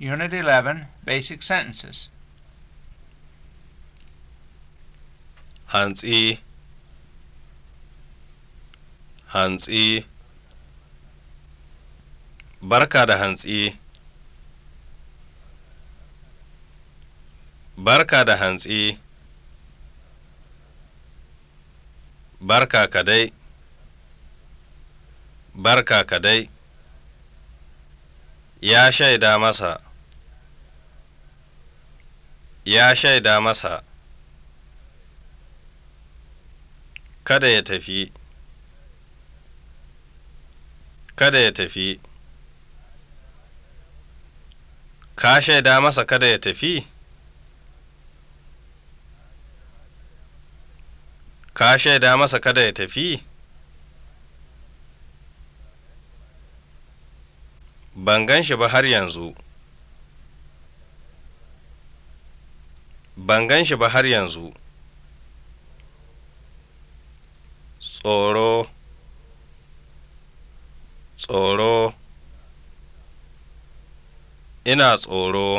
Unit 11, Basic Sentences. Hans E. Barka da E. Barka da hantsi. Barka ka dai. Barka ka dai. Ya shaida masa. ya shaida masa kada ya tafi kada ya tafi ka shaida masa kada ya tafi ka shaida masa kada ya tafi ban gan shi ba har yanzu ban gan shi ba har yanzu tsoro tsoro ina tsoro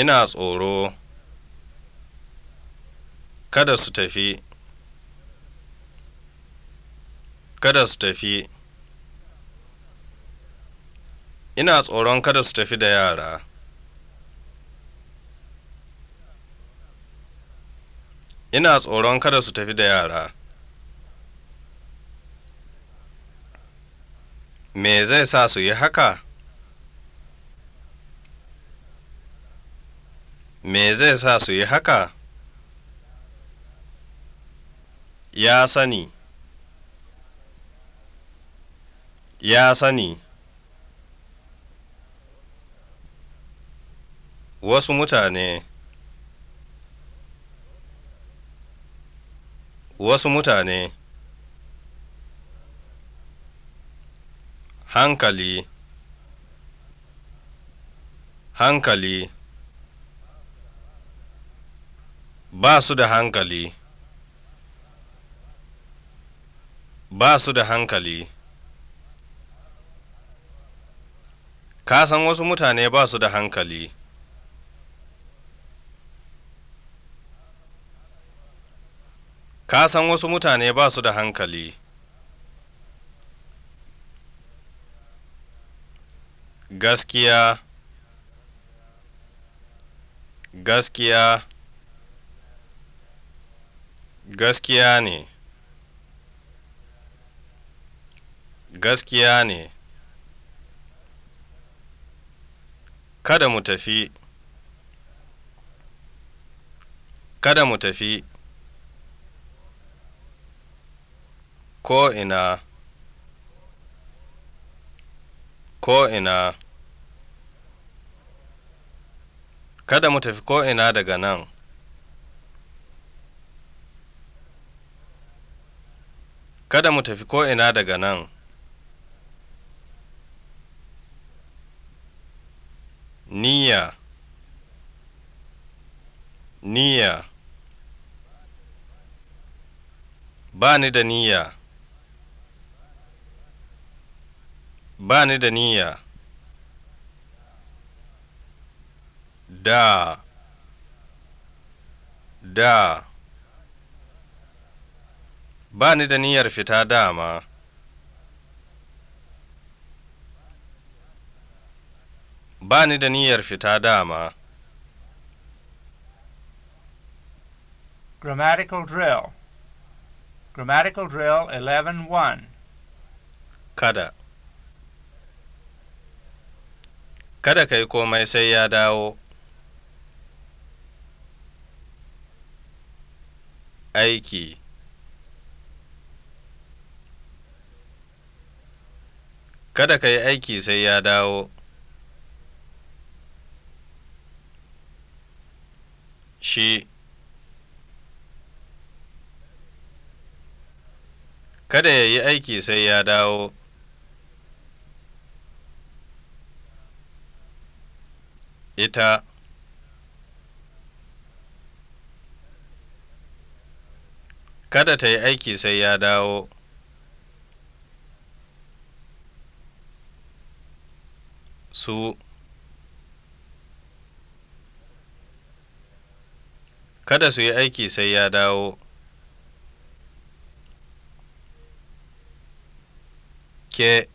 ina tsoro kada su tafi kada su tafi ina tsoron kada su tafi da yara ina tsoron kada su tafi da yara me zai sa su yi haka me zai sa su yi haka ya sani ya sani wasu mutane wasu mutane hankali hankali ba su da hankali ba su da hankali ka san wasu mutane ba su da hankali ka san wasu mutane ba su da hankali gaskiya gaskiya gaskiya ne gaskiya ne kada mu tafi kada mu tafi ko'ina ko'ina kada mu tafi ko'ina daga nan kada mu tafi ko'ina daga nan niyya niyya ba ni da niyya ba ni da niyya da da ba ni da niyyar fita dama ba ni da niyyar fita dama grammatical drill grammatical drill 11 1 kada kada ka yi komai sai ya dawo aiki kada ka yi aiki sai ya dawo shi kada ya yi aiki sai ya dawo ita kada ta yi aiki sai ya dawo su kada su yi aiki sai ya dawo ke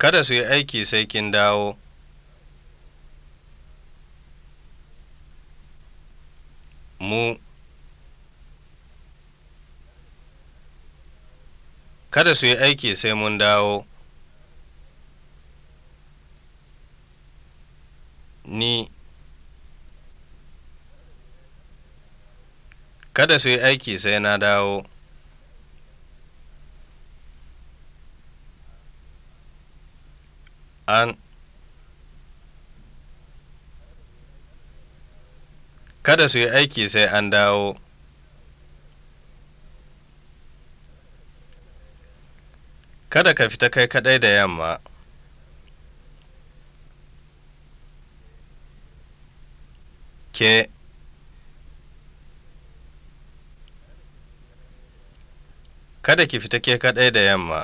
kada su yi aiki sai kin dawo mu kada su yi aiki sai mun dawo ni kada su yi aiki sai na dawo an kada su yi aiki sai an dawo kada ka fita kai kadai da yamma ke kada ki fita ke kadai da yamma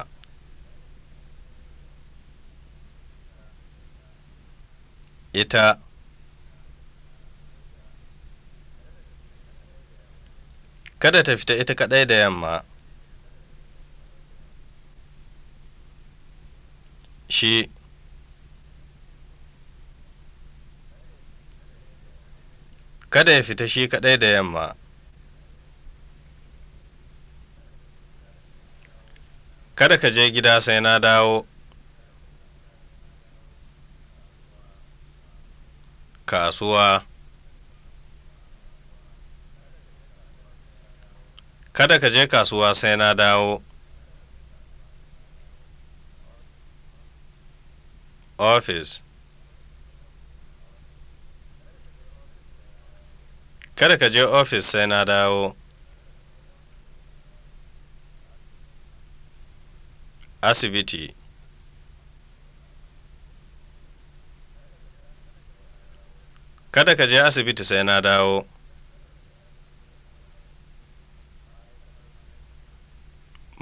ita kada ta fita ita kadai da yamma shi kada ya fita shi kadai da yamma kada ka je gida sai na dawo kasuwa kada ka je kasuwa sai na dawo office kada ka je ofis sai na dawo asibiti kada ka je asibiti sai na dawo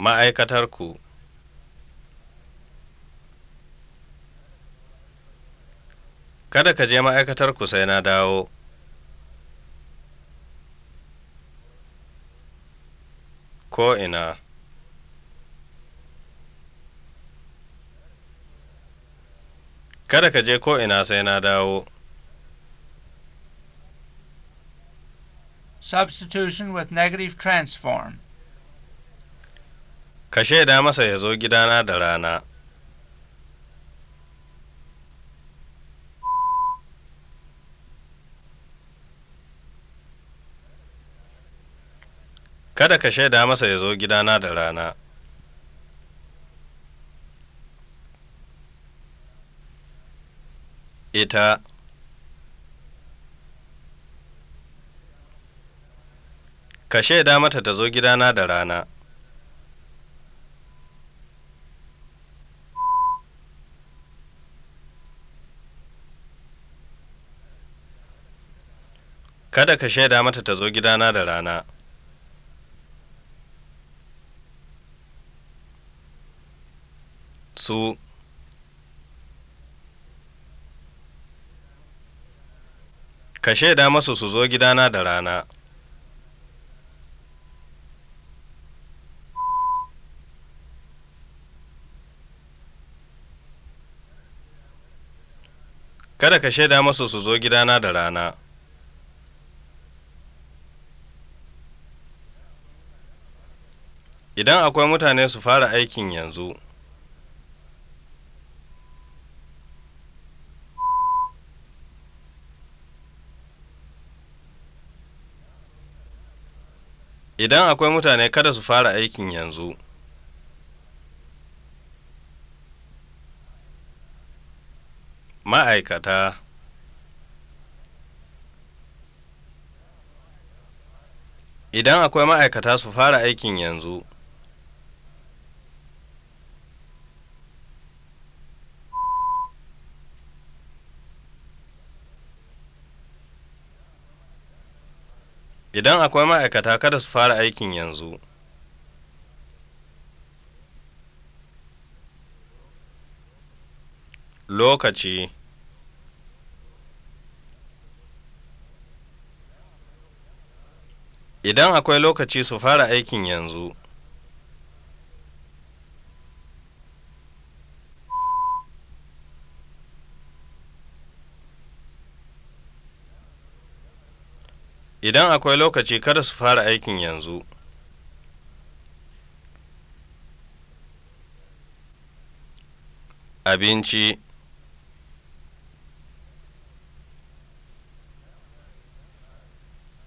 ma'aikatarku kada ka je ma'aikatarku sai na dawo ko ina kada ka je ko ina sai na dawo substitution with negative transform. Ka shaida masa ya zo gidana da rana. Kada ka shaida masa ya zo gidana da rana. Ita ka shaida mata ta zo gidana da rana kada ka shaida mata ta zo gidana da rana su ka shaida masu su zo gidana da rana kada ka shaida masu su zo gidana da rana idan akwai mutane su fara aikin yanzu idan akwai mutane kada su fara aikin yanzu ma'aikata idan akwai ma'aikata su fara aikin yanzu idan akwai ma'aikata kada su fara aikin yanzu lokaci idan akwai lokaci su fara aikin yanzu idan akwai lokaci kada su fara aikin yanzu abinci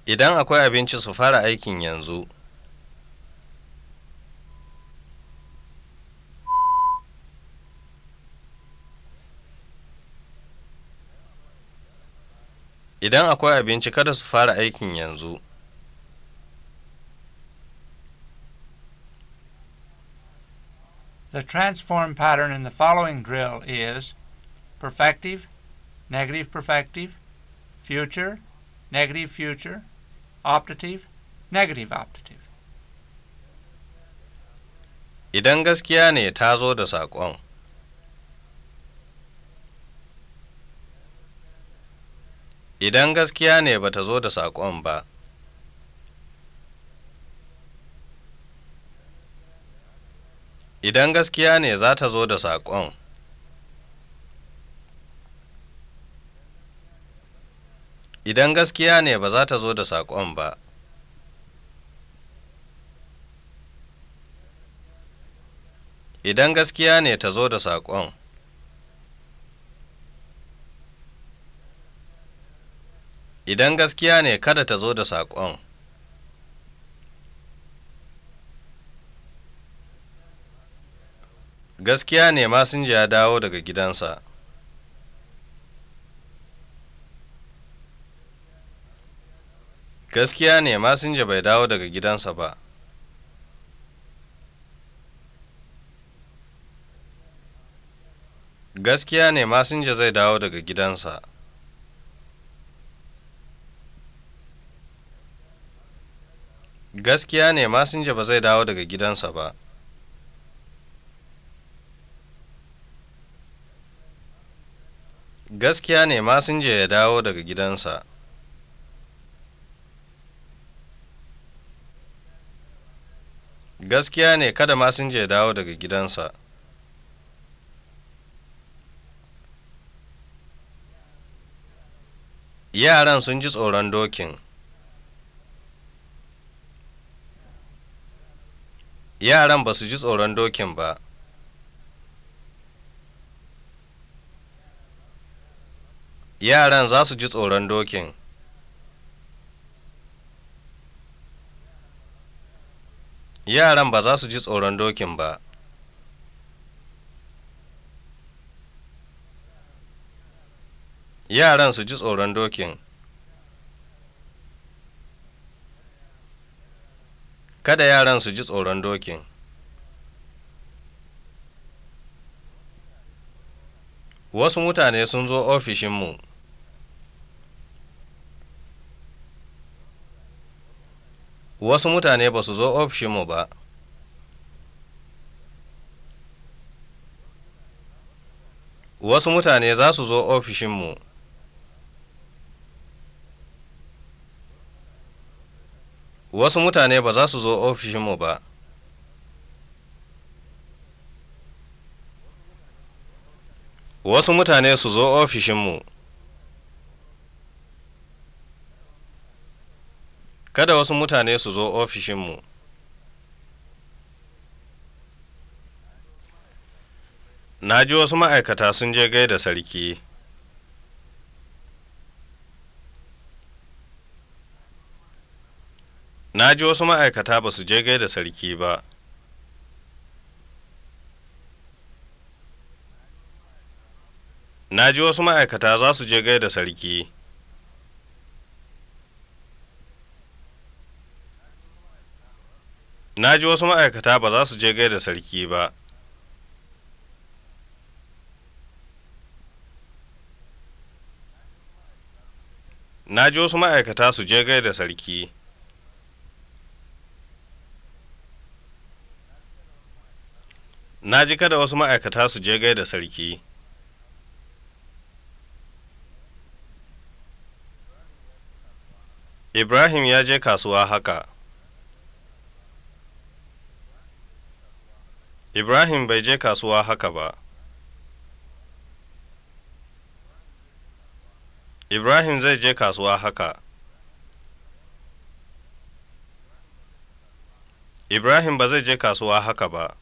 idan akwai abinci su fara aikin yanzu idan akwai abinci kada su fara aikin yanzu The transform pattern in the following drill is perfective, negative perfective, future, negative future, optative, negative optative. Idan gaskiya ne ta zo da saƙon. Idan gaskiya ne ba ta zo da saƙon ba. Idan gaskiya ne za ta zo da saƙon. idan gaskiya ne ba za ta zo da saƙon ba idan gaskiya ne ta zo da saƙon idan gaskiya ne kada ta zo da saƙon gaskiya ne masinja ya dawo daga gidansa gaskiya ne masinja bai dawo daga gidansa ba gaskiya ne masinja zai dawo daga gidansa gaskiya ne masinja ba zai dawo daga gidansa ba gaskiya ne masinja ya dawo daga gidansa gaskiya ne kada ma sun je dawo daga gidansa yaran sun ji tsoron dokin yaran ba su ji tsoron dokin ba yaran za su ji tsoron dokin yaran ba za su ji tsoron dokin ba yaran su ji tsoron dokin kada yaran su ji tsoron dokin wasu mutane sun zo ofishinmu wasu mutane ba su zo ofishinmu ba wasu mutane za su zo ofishinmu wasu mutane ba za su zo ofishinmu ba wasu mutane su zo ofishinmu kada wasu mutane su zo ofishinmu na ji wasu ma'aikata sun je gaida sarki na ji wasu ma'aikata ba su je gaida sarki ba na ji wasu ma'aikata za su je gaida sarki na ji wasu ma'aikata ba za su je gaida sarki ba na ji wasu ma'aikata su je gaida sarki na ji kada wasu ma'aikata su je gaida sarki ibrahim ya je kasuwa haka Ibrahim bai je kasuwa haka ba. Ibrahim zai je kasuwa haka. Ibrahim ba zai je kasuwa haka ba.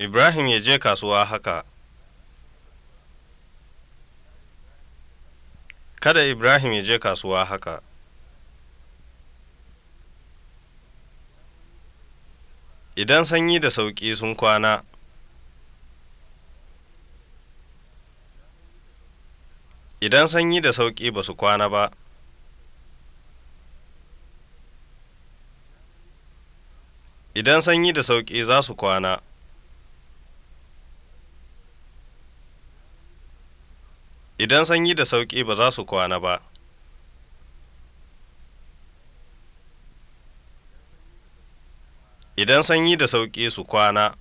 Ibrahim ya je kasuwa haka. Kada Ibrahim ya je kasuwa haka. idan sanyi da sauƙi sun kwana idan sanyi da sauƙi ba su kwana ba idan sanyi da sauƙi za su kwana idan sanyi da sauƙi ba za su kwana ba idan sanyi da sauƙi su kwana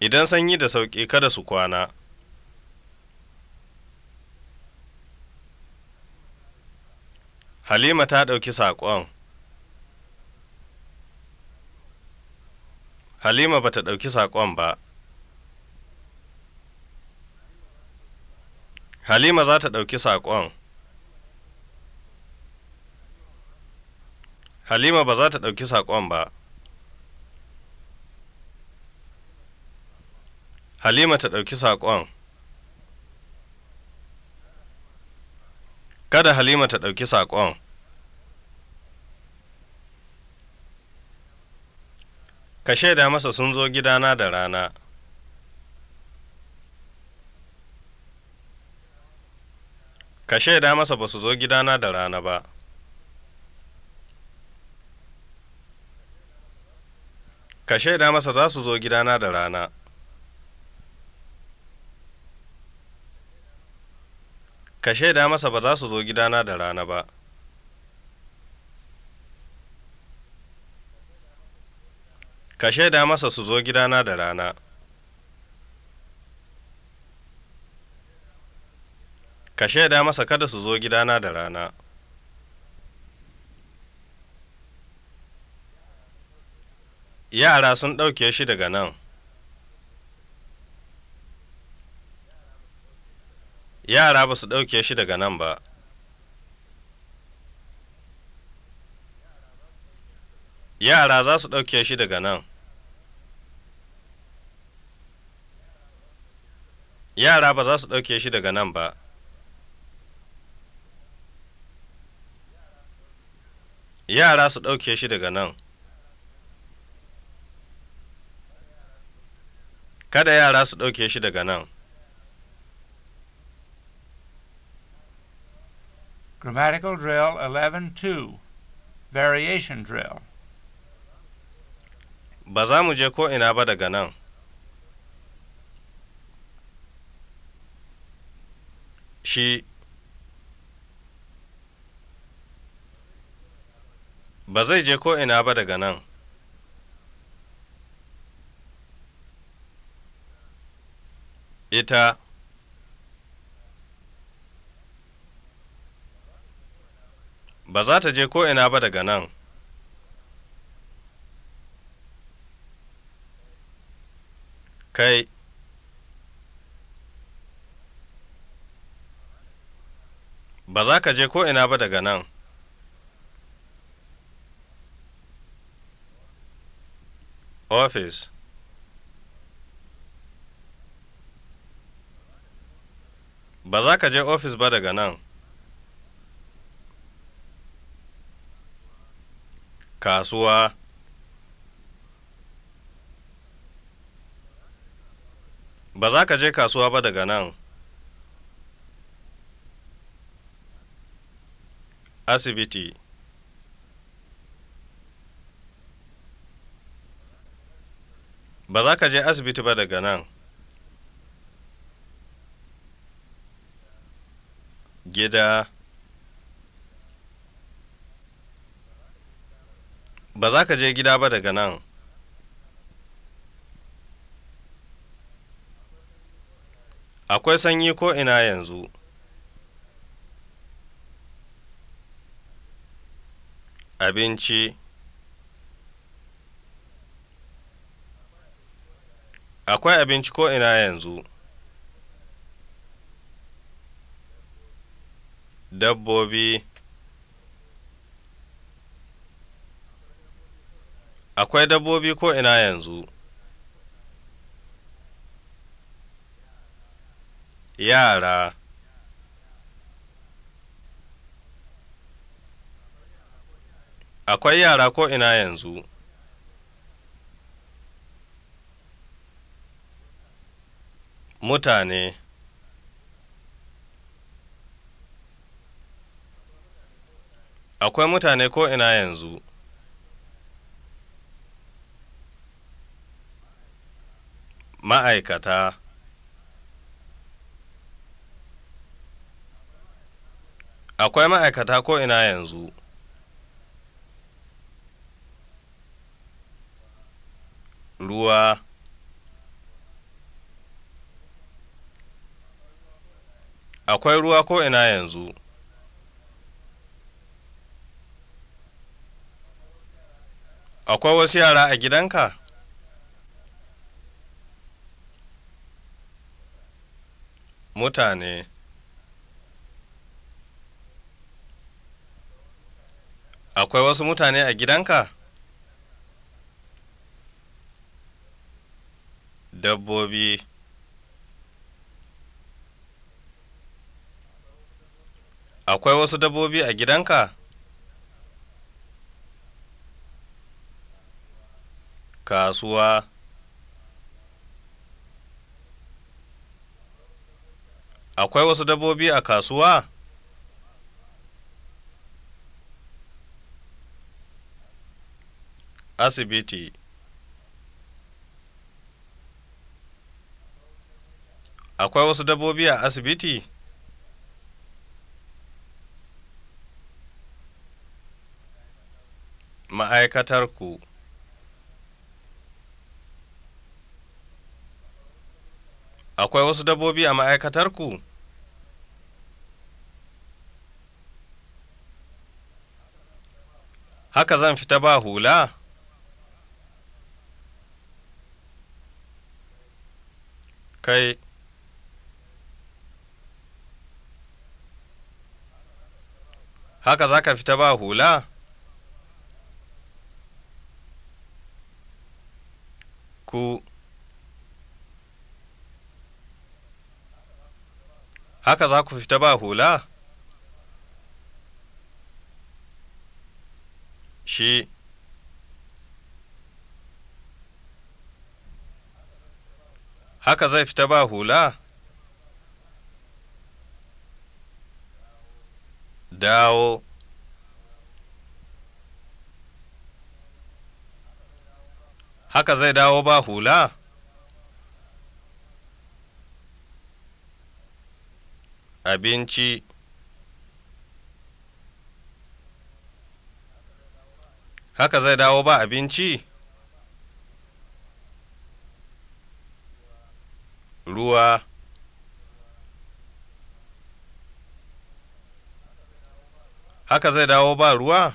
idan sanyi da sauƙi kada su kwana halima ta ɗauki saƙon halima ba ta ɗauki saƙon ba halima za ta ɗauki saƙon halima ba za ta ɗauki saƙon ba halima ta ɗauki saƙon kada halima ta ɗauki saƙon ka shaida masa sun zo gidana da rana ka shaida masa ba su zo gidana da rana ba ka shaida masa za su zo gidana da rana ka shaida masa ba za su zo gidana da rana ba ka shaida masa su zo gidana da rana ka shaida masa kada su zo gidana da rana yara sun ɗauke shi daga nan yara ba su ɗauke shi daga nan ba yara za su ɗauke shi daga nan yara ba za su ɗauke shi daga nan ba yara su ɗauke shi daga nan kada yara su ɗauke shi daga nan grammatical drill 11-2 variation drill ba za mu je ko ina ba daga nan shi ba zai je ko ina ba daga nan ita ba za ta je ko'ina ba daga nan kai ba za ka je ko'ina ba daga nan office Ba za ka je ofis ba daga nan. Kasuwa Ba za ka je kasuwa ba daga nan. Asibiti Ba za ka je asibiti ba daga nan. gida ba za ka je gida ba daga nan akwai sanyi ko ina yanzu abinci akwai abinci ko ina yanzu dabbobi akwai dabbobi ko ina yanzu yara akwai yara ko ina yanzu mutane akwai mutane ko ina yanzu ma'aikata akwai ma'aikata ina yanzu ruwa akwai ruwa ko ina yanzu Akwai wasu yara a gidanka? Mutane Akwai wasu mutane a gidanka? Dabbobi Akwai wasu dabbobi a gidanka? kasuwa akwai wasu dabbobi a kasuwa asibiti akwai wasu dabbobi a asibiti ma'aikatar ku Akwai wasu dabbobi a ma'aikatarku? Haka zan fita ba hula? Kai, haka za ka fita ba hula? Ku. haka za ku fita ba hula shi haka zai fita ba hula dawo haka zai dawo ba hula abinci haka zai dawo ba abinci ruwa haka zai dawo ba ruwa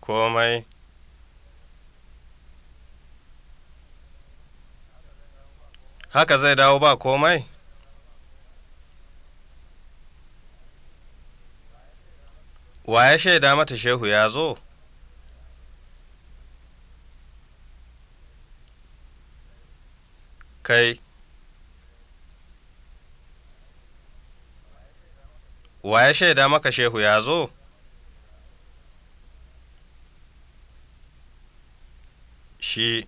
komai haka zai dawo ba komai wa ya shaida mata shehu ya zo kai wa ya shaida maka shehu ya zo shi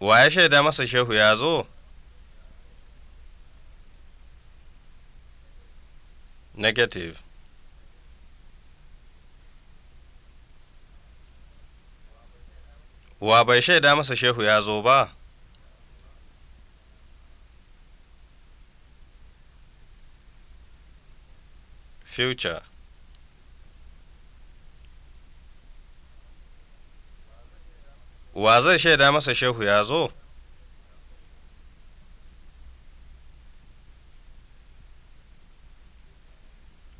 wa ya shaida masa shehu ya zo negative wa bai shaida masa shehu ya zo ba future wa zai shaida masa shehu ya zo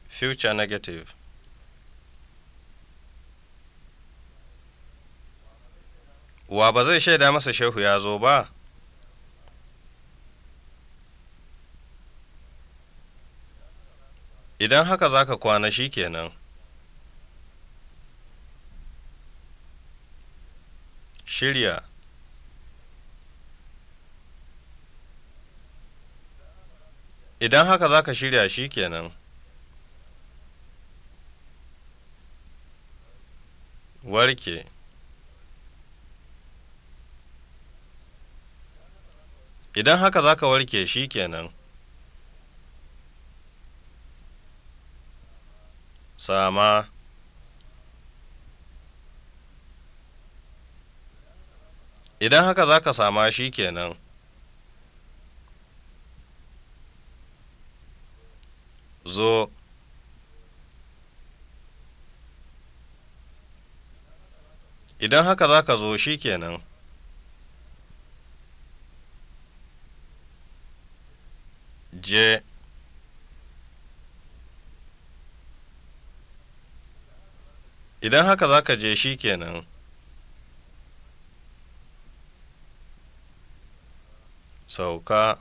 future negative wa ba zai shaida masa shehu ya zo ba idan haka za ka kwana shi kenan shirya idan haka za ka shirya shi kenan warke idan haka za ka warke shi kenan sama idan haka za ka sama shi kenan zo idan haka za ka zo shi kenan je idan haka za ka je shi kenan sauka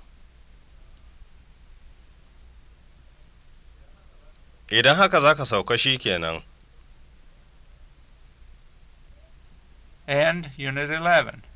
idan haka za ka sauka shi kenan and unit 11